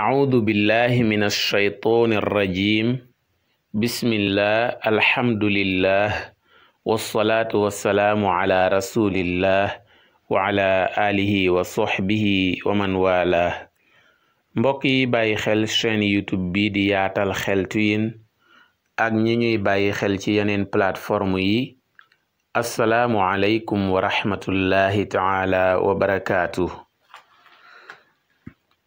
أعوذ بالله من الشيطان الرجيم بسم الله الحمد لله والصلاة والسلام على رسول الله وعلى آله وصحبه ومن والاه mbokk yi bàyyi xel chaîne YouTube bi di yaatal xeltu yin ak ñi ñuy bàyyi xel ci yeneen plateforme yi asalaamu aleykum wa rahmatullahi taala wa barakaatu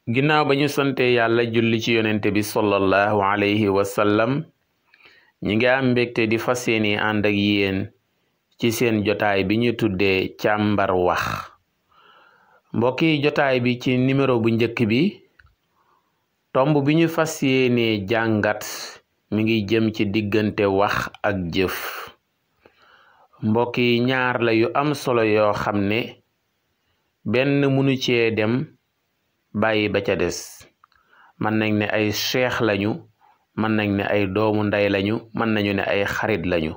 ginnaaw ba ñu sante yàlla julli ci yonente bi sallallahu alayhi wa ñi ngi am mbégte di fas yéene ànd ak yéen ci seen jotaay bi ñu tuddee càmbar wax mbokki jotaay bi ci numéro bu njëkk bi tomb bi ñu fas yéene jàngat mu ngi jëm ci diggante wax ak jëf mbokki ñaar la yu am solo yoo xam ne benn munu cee dem bàyyi ba ca des mën nañ ne ay cheikh lañu mën nañ ne ay doomu ndey lañu mën nañu ne ay xarit lañu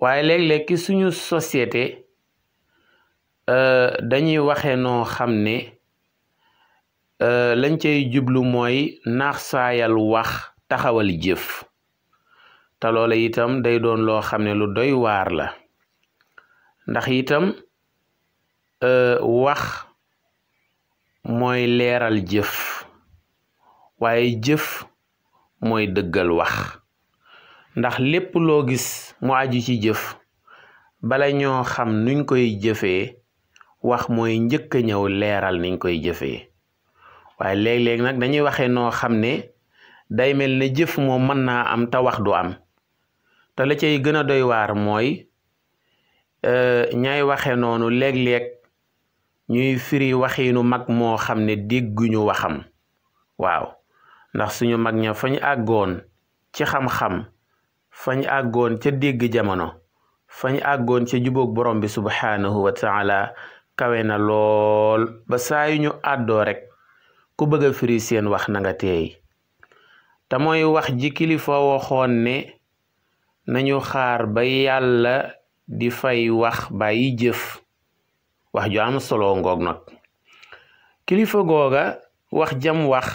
waaye léeg-léeg ki suñu société euh, dañuy waxe noo xam ne euh, lañ cay jublu mooy naax saayal wax taxawal jëf te loola itam day doon loo xam ne lu doy waar la ndax itam euh, wax mooy leeral jëf waaye jëf mooy dëggal wax ndax lépp loo gis mu aju ci jëf bala ñoo xam nuñ koy jëfee wax mooy njëkk a ñëw leeral niñ koy jëfee waaye léeg-léeg nag dañuy waxe noo xam ne day mel ne jëf moom mën naa am te wax du am te la cay gën a doy waar mooy euh, ñay waxe noonu léeg-léeg ñuy firi waxiinu mag moo xam ne dégguñu waxam waaw ndax suñu mag ña fañ àggoon ci xam-xam fañ àggoon ca dégg jamono fañ àggoon ca jubóog borom bi subhaanahu wa taala kawe na lool ba saa ñu àddoo rekk ku bëgg a firi seen wax na teey te mooy wax ji kilifa waxoon ne nañu xaar ba yàlla di fay wax bàyyi jëf wax ju am solo ngoog nag kilifa googa wax jam wax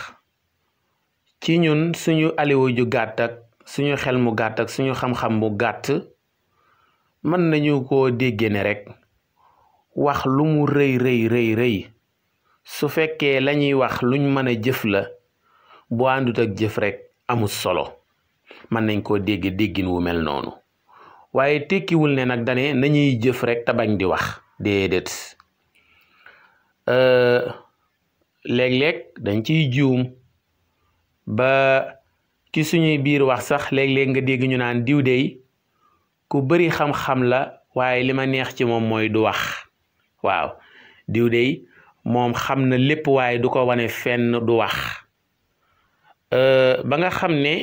ci ñun suñu aliwo ju gàtt ak suñu xel mu gàtt ak suñu xam-xam mu gàtt mën nañu koo dégge ne rek wax lu mu rëy rëy rëy su fekkee lañuy wax luñ mën a jëf la bu àndut ak jëf rek amul solo mën nañ koo dégg déggin wu mel noonu waaye tekkiwul ne nag dane nañuy jëf rek tabañ di wax déedéet euh, léeg-léeg dañ ciy juum ba ci suñuy biir wax sax léeg-léeg nga dégg ñu naan diw dey ku bari xam-xam la waaye li ma neex ci moom mooy du wax waaw diw dey moom xam na lépp waaye du ko wane fenn du wax euh, ba nga xam ne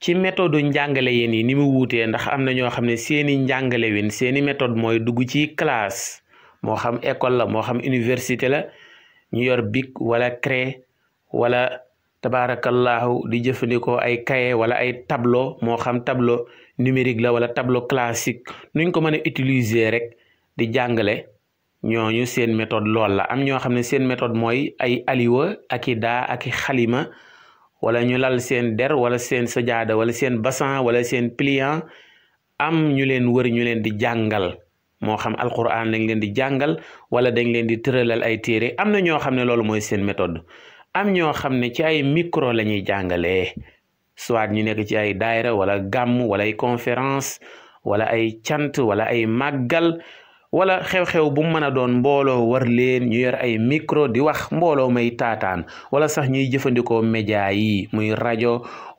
ci méthode njàngale yéen yi ni mu wuutee ndax am na ñoo xam ne seeni njàngale win seeni métode mooy dugg ci classe moo xam école la moo xam université la ñu yor bic wala craie wala tabarakallahu di jëfandikoo ay cahier wala ay tablo moo xam tableau numérique la wala tableau classique nuñ ko mën a utiliser rek di jàngale ñooñu seen méthode lool la am ñoo xam ne seen méthode mooy ay aliwa ak i aki xalima wala ñu lal seen der wala seen sajaada wala seen bassan wala seen pliant am ñu leen wër ñu leen di jàngal moo xam alquran dañ leen di jàngal wala dañ leen di tëralal ay téere am na ñoo xam ne loolu mooy seen méthode am ñoo xam ne ci ay micro la ñuy jàngalee soit ñu nekk ci ay daayra wala gàmm wala ay conférence wala ay cant wala ay màggal wala xew-xew bu mu mën a doon mbooloo war leen ñu yor ay micro di wax mbooloo may taataan wala sax ñuy jëfandikoo média yi muy rajo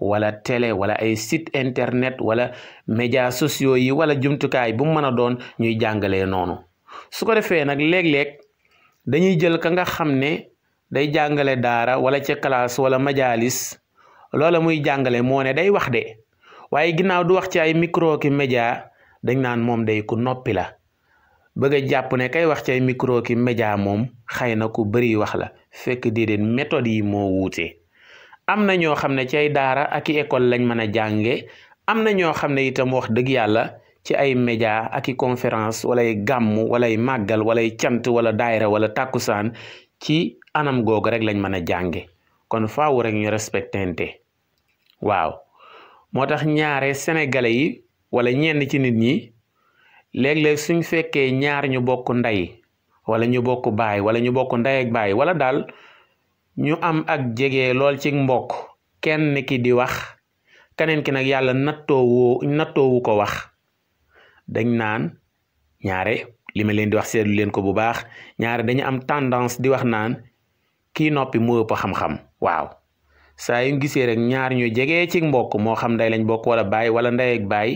wala tele wala ay site internet wala média sociaux yi wala jumtukaay bu mu mën a doon ñuy jàngalee noonu su ko defee nag léeg-léeg dañuy jël ka nga xam ne day jàngale daara wala ca classe wala majalis loola muy jàngale moo ne day wax de waaye ginnaaw du wax ci ay micro ki média dañ naan moom day ku noppi la bëgg a jàpp ne kay wax cay micro ki média moom xëy na ku bëri wax la fekk déedéet méthode yi moo wuute am na ñoo xam ne ci ay daara ak école lañ mën a jànge am na ñoo xam ne itam wax dëgg yàlla ci ay média ak i conférence walay gàmm walay màggal walay cant wala daayira wala tàkkusaan ci anam googu rek lañ mën a jànge kon faawu rek ñu respectente waaw moo tax ñaare sénégalais yi wala ñenn ci nit ñi léeg-léeg suñ fekkee ñaar ñu bokk ndey wala ñu bokk baay wala ñu bokk ndey baay wala daal ñu am ak jege lool ci mbokk kenn ki di wax keneen ki nag yàlla nattoowu nattoowu ko wax dañ naan ñaare li ma leen di wax seetlu leen ko bu baax ñaare dañu am tendance di wax naan kii noppi mu ëpp xam-xam waaw saa yu gisee rek ñaar ñu jege ci mbokk moo xam ndey lañ bokk wala baay wala ndey baay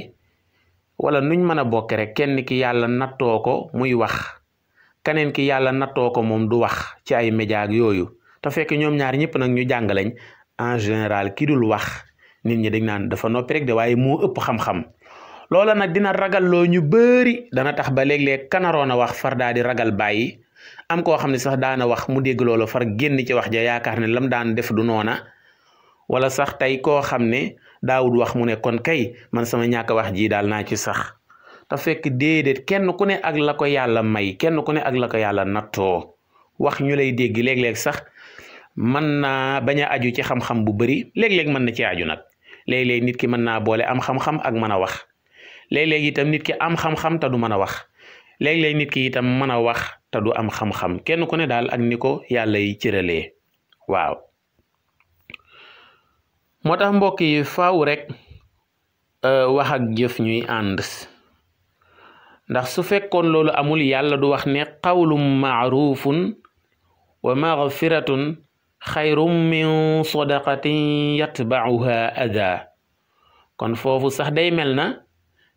wala nuñ mën a bokk rek kenn ki yàlla nattoo ko muy wax keneen ki yàlla nattoo ko moom du wax ci ay média yooyu te fekk ñoom ñaar ñëpp nag ñu jàngaleñ en général ki dul wax nit ñi dañ naan dafa noppi rek de waaye mu ëpp xam-xam loola nag dina ragal loo ñu bëri dana tax ba léeg-léeg kanaroon a wax far daa di ragal bàyyi am koo xam ne sax daana wax mu dégg loola far génn ci wax ja yaakaar ne lam daan def du noona wala sax tey koo xam ne daawud wax mu ne kon kay man sama ñàkk wax ji daal naa ci sax te fekk déedéet kenn ku ne ak la ko yàlla may kenn ku ne ak la ko yàlla nattoo wax ñu lay dégg léeg-léeg sax mën na bañ a aju ci xam-xam bu bari léeg-léeg mën na ci aju nag léeg nit ki mën naa boole am xam-xam ak mën a wax léeg-léeg itam nit ki am xam-xam te du mën a wax léeg-léeg nit ki itam mën a wax te du am xam-xam kenn ku ne daal ak ni ko yàlla yi cëralee waaw moo tax mbokk yi faaw rek euh, wax jëf ñuy ànd ndax su fekkoon loolu amul yàlla du wax ne qawlum maarufun wa magfiratun xayrum yat sadaqatin yatbauha ada kon foofu sax day mel na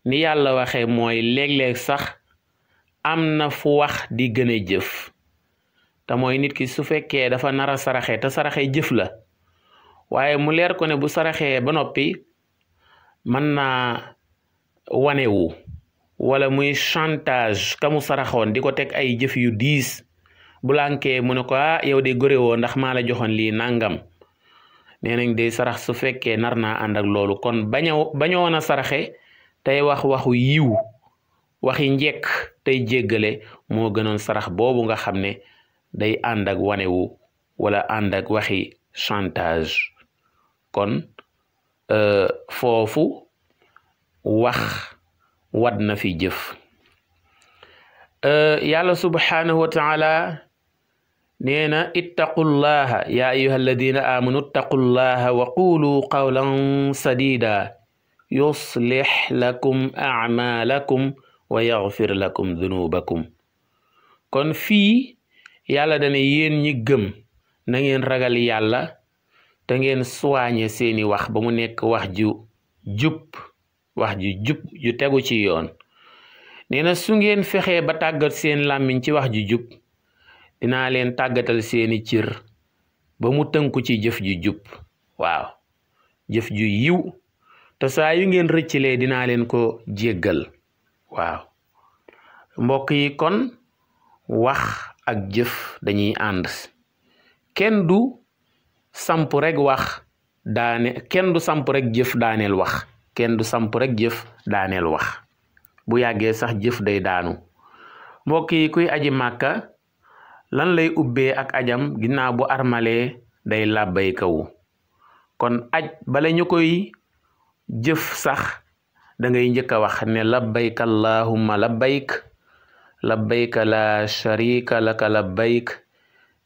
ni yàlla waxee mooy léeg-léeg sax am na fu wax di gën a jëf te mooy nit ki su fekkee dafa nar a saraxe te saraxe jëf la waaye mu leer ko ne bu saraxee ba noppi man naa wanewu wala muy chantage kamu mu saraxoon di ko teg ay jëf yu diis bu lànkee mu ne ko ah yow de gore ndax maa la joxoon lii nangam nee nañ de sarax su fekkee nar naa ànd ak loolu kon bañoo bañoon a saraxe tey wax waxu yiw waxi njekk tey jéggale moo gënoon sarax boobu nga xam ne day ànd ak wanewu wala ànd ak waxi chantage kon euh, foofu wax wad na fi jëf euh, yàlla subhaanahu wa taala nee na ittaqullaha ya ayuha alladina amanu ittaqullaha wa qulu qawlan sadida yuslih lakum acmaalakum wa yaxfir lakum dunubakum kon fii ñi gëm ragal yàlla te ngeen soigné seeni wax ba mu nekk wax ju jub wax ju jub ju tegu ci yoon nee na su ngeen fexee ba tàggat seen làmmiñ ci wax ju jub dinaa leen tàggatal seeni cir ba mu tënku ci jëf ju jub waaw jëf ju yiw te saa yu ngeen rëccilee dinaa leen ko jéggal waaw mbokk yi kon wax ak jëf dañuy ànd kenn du samp rek wax daane kenn du samp rek jëf daaneel wax kenn du samp rek jëf daaneel wax bu yàggee sax jëf day daanu mbokk yi kuy aji màkka lan lay ubbee ak ajam ginnaaw bu armalee day làbbay kawu kon aj bala ñu koy jëf sax dangay ngay njëkk wax ne labbayk allahumma labbayk labbayka la sharika laka labbayk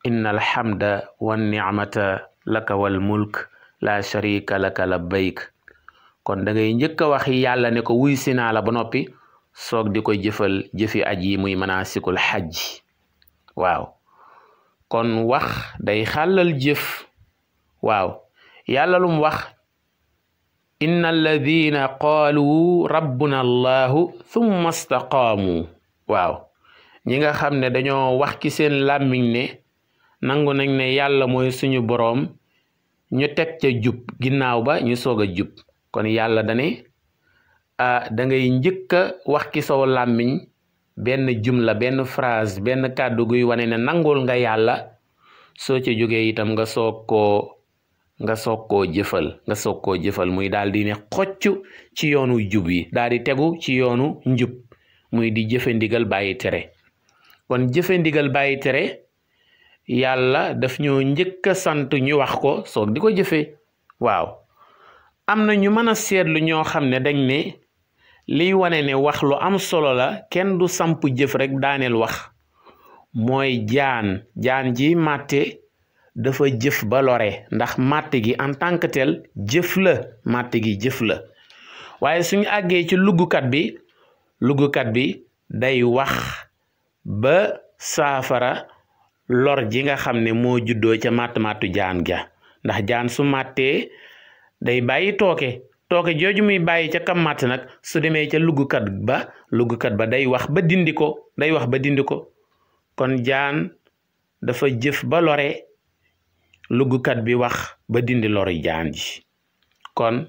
inna alhamda wa ni'mata lakawal mulk la sharika laka labbayk kon da ngay njëkk a wax yàlla ne ko wuy si naa la ba noppi soog di ko jëfal jëfi aj yi muy manaasikul xaj waaw kon wax day xàllal jëf waaw yàlla lum wax inna alladina qaalu rabbuna allahu thumma staqaamu waaw ñi nga xam ne dañoo wax ci seen ne nangu nañ ne yàlla mooy suñu boroom ñu teg ca jub ginnaaw ba ñu soog a jub kon yàlla dane ah, da ngay njëkk a wax ci saw làmmiñ benn jumla benn phrase benn kàddu guy wane na nangool nga yàlla soo ca jógee itam nga soog koo nga soog koo jëfal nga soog koo jëfal muy daal di xocc ci yoonu jub yi daal di tegu ci yoonu njub muy di jëfe ndigal bàyyi tere kon jëfe ndigal bàyyi tere yàlla daf ñoo njëkk sant ñu wax ko soog di ko jëfee waaw am na ñu mën a seetlu ñoo xam ne dañ ne liy wane ne wax lu am solo la kenn du samp jëf rek daaneel wax mooy jaan jaan ji màtte dafa jëf ba lore ndax màtt gi en tant que jëf la màtt gi jëf la waaye suñu àggee ci luggukat bi luggukat bi day wax ba saafara lor ji nga xam ne moo juddoo ca mat màttu jaan ja ndax jaan su màttee day bàyyi tooke tooke jooju muy bàyyi ca kam màtt nag su demee ca luggukat ba luggukat ba day wax ba dindi ko day wax ba dindi ko kon jaan dafa jëf ba lore luggukat bi wax ba dindi lori jaan ji kon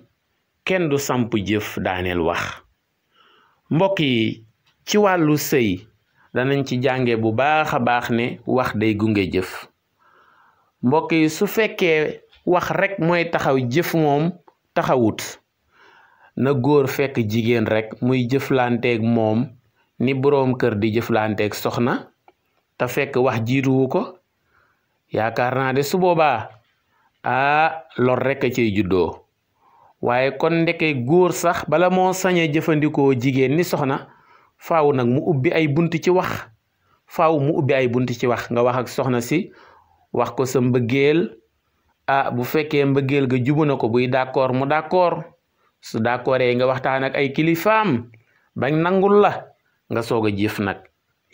kenn du samp jëf daaneel wax mbokk yi ci wàllu sëy danañ ci jànge bu baax a baax ne wax day gunge jëf mbokk yi su fekkee wax rekk mooy taxaw jëf moom taxawut na góor fekk jigéen rekk muy jëflanteeg moom ni boroom kër di jëflanteeg soxna te fekk wax jiituwu ko yaakaar naa de su boobaa aa ah, lor rek a ciy juddoo waaye kon ndeke góor sax bala moo sañee jëfandikoo jigéen ni soxna faaw nag mu ubbi ay buntu ci wax faaw mu ubbi ay bunt ci wax nga wax ak soxna si wax ko sa mbëggeel ah bu fekkee mbëggeel ga jubu na ko buy d'accord mu d'accord su d'accordee nga waxtaan ak ay kilifam bañ nangul la nga soog a jëf nag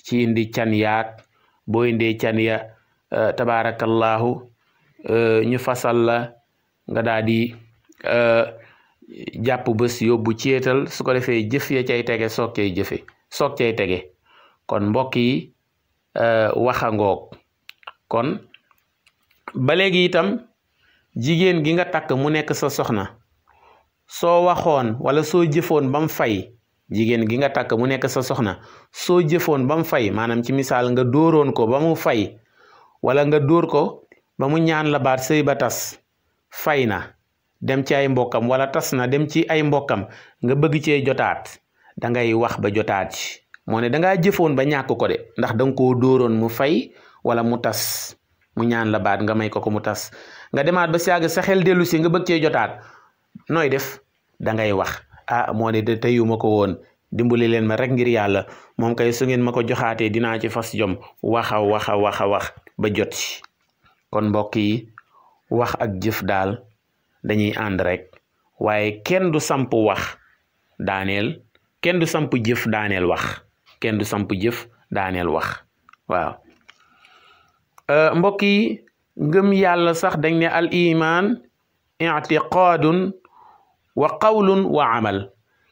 ci indi can yaag boo indee can ya eh, tabaarakallaahu eh, ñu fasal la nga daa di eh, jàpp bés yóbbu ceetal su ko defee jëf ya cay tege soog cay jëfe soog cay tege kon mbokk yi euh, waxangoog kon ba léegi itam jigéen gi nga takk mu nekk sa soxna soo waxoon wala soo jëfoon ba fay jigéen gi nga takk mu nekk sa soxna soo jëfoon ba mu fay maanaam ci misaal nga dóoroon ko ba mu fay wala nga dóor ko ba mu ñaan la baat sëy ba tas fay na dem ci ay mbokkam wala tas na dem ci ay mbokkam nga bëgg cee jotaat da ngay wax ba jotaat ci moo ne da jëfoon ba ñàkk ko de ndax da nga koo dóoroon mu fay wala mu tas mu ñaan la baat nga may ko ko mu tas nga demaat ba si yàgg sa xel si nga bëg cee jotaat nooy def dangay ngay wax ah moo ne ko woon dimbali leen ma rek ngir yàlla moom kay ngeen ma ko joxaatee dinaa ci fas jom waxa waxa waxa wax ba jot kon mbokk yi wax ak jëf daal dañuy ànd rek waaye kenn du samp wax daaneel kenn du jëf daaneel wax kenn du samp jëf daaneel wax waaw euh, mbokk yi ngëm yàlla sax dañ ne al iman ictiqaadun wa qawlun wa amal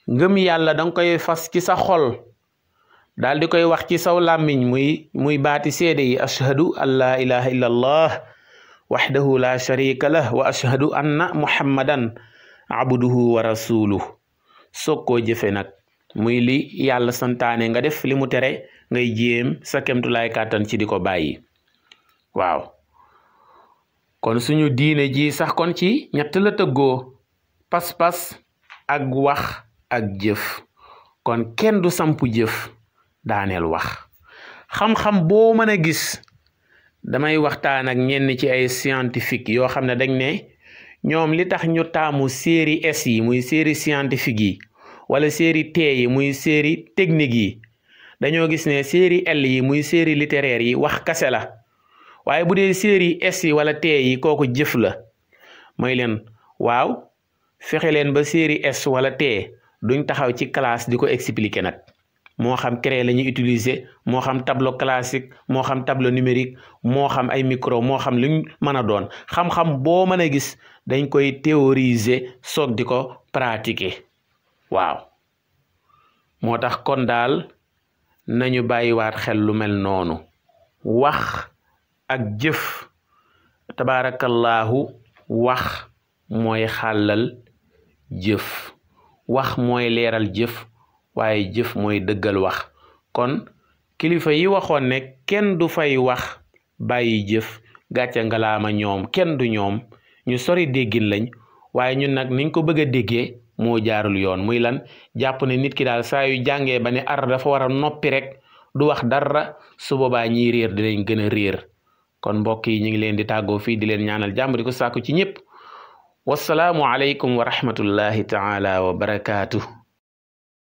ngëm yàlla danga koy fas ci sa xol daal di koy wax ci saw làmmiñ muy muy baati seede yi ashhadu an laa ilaha illa la sharika lah wa ashhadu anna muhammadan abduhu wa rasuluh soog jëfe nag muy li yàlla santaane nga def li mu tere ngay jéem sa kemtulaay kàttan ci di ko bàyyi waaw kon suñu diine ji sax kon ci ñett la tëggoo pas-pas ak wax ak jëf kon kenn du sampu jëf daaneel wax xam-xam boo mën a gis damay waxtaan ak ñenn ci ay scientifique yoo xam ne dañ ne ñoom li tax ñu taamu série es yi muy série scientifique yi wala séeri T yi muy séeri technique yi dañoo gis ne série L yi muy séeri littéraire yi wax kase la waaye bu dee série S yi wala T yi kooku jëf la mooy leen waaw fexe leen ba série S wala T duñ taxaw ci classe di ko expliquer nag moo xam crayon la ñuy utiliser moo xam tableau classique moo xam tableau numérique moo xam ay micro moo xam luñ mën a doon xam-xam boo mën a gis dañ koy théoriser soog di ko waaw moo tax kon daal nañu bàyyiwaat xel lu mel noonu wax ak jëf tabaarakallaahu wax mooy xàllal jëf wax mooy leeral jëf waaye jëf mooy dëggal wax kon kilifa yi waxoon ne kenn du fay wax bàyyi jëf gàcce ngalaama ñoom kenn du ñoom ñu sori déggin lañ waaye ñun nag niñ ko bëgg a moo jaarul yoon muy lan jàpp ne nit ki daal saa yu jàngee ba ne ar dafa war a noppi rek du wax dara su boobaa ñiy réer dinañ gën a réer kon mbokk yi ñu ngi leen di tàggoo fii di leen ñaanal jàmm ko sàkku ci ñëpp wasalaamu aleykum wa rahmatullahi taala wa barakaatu.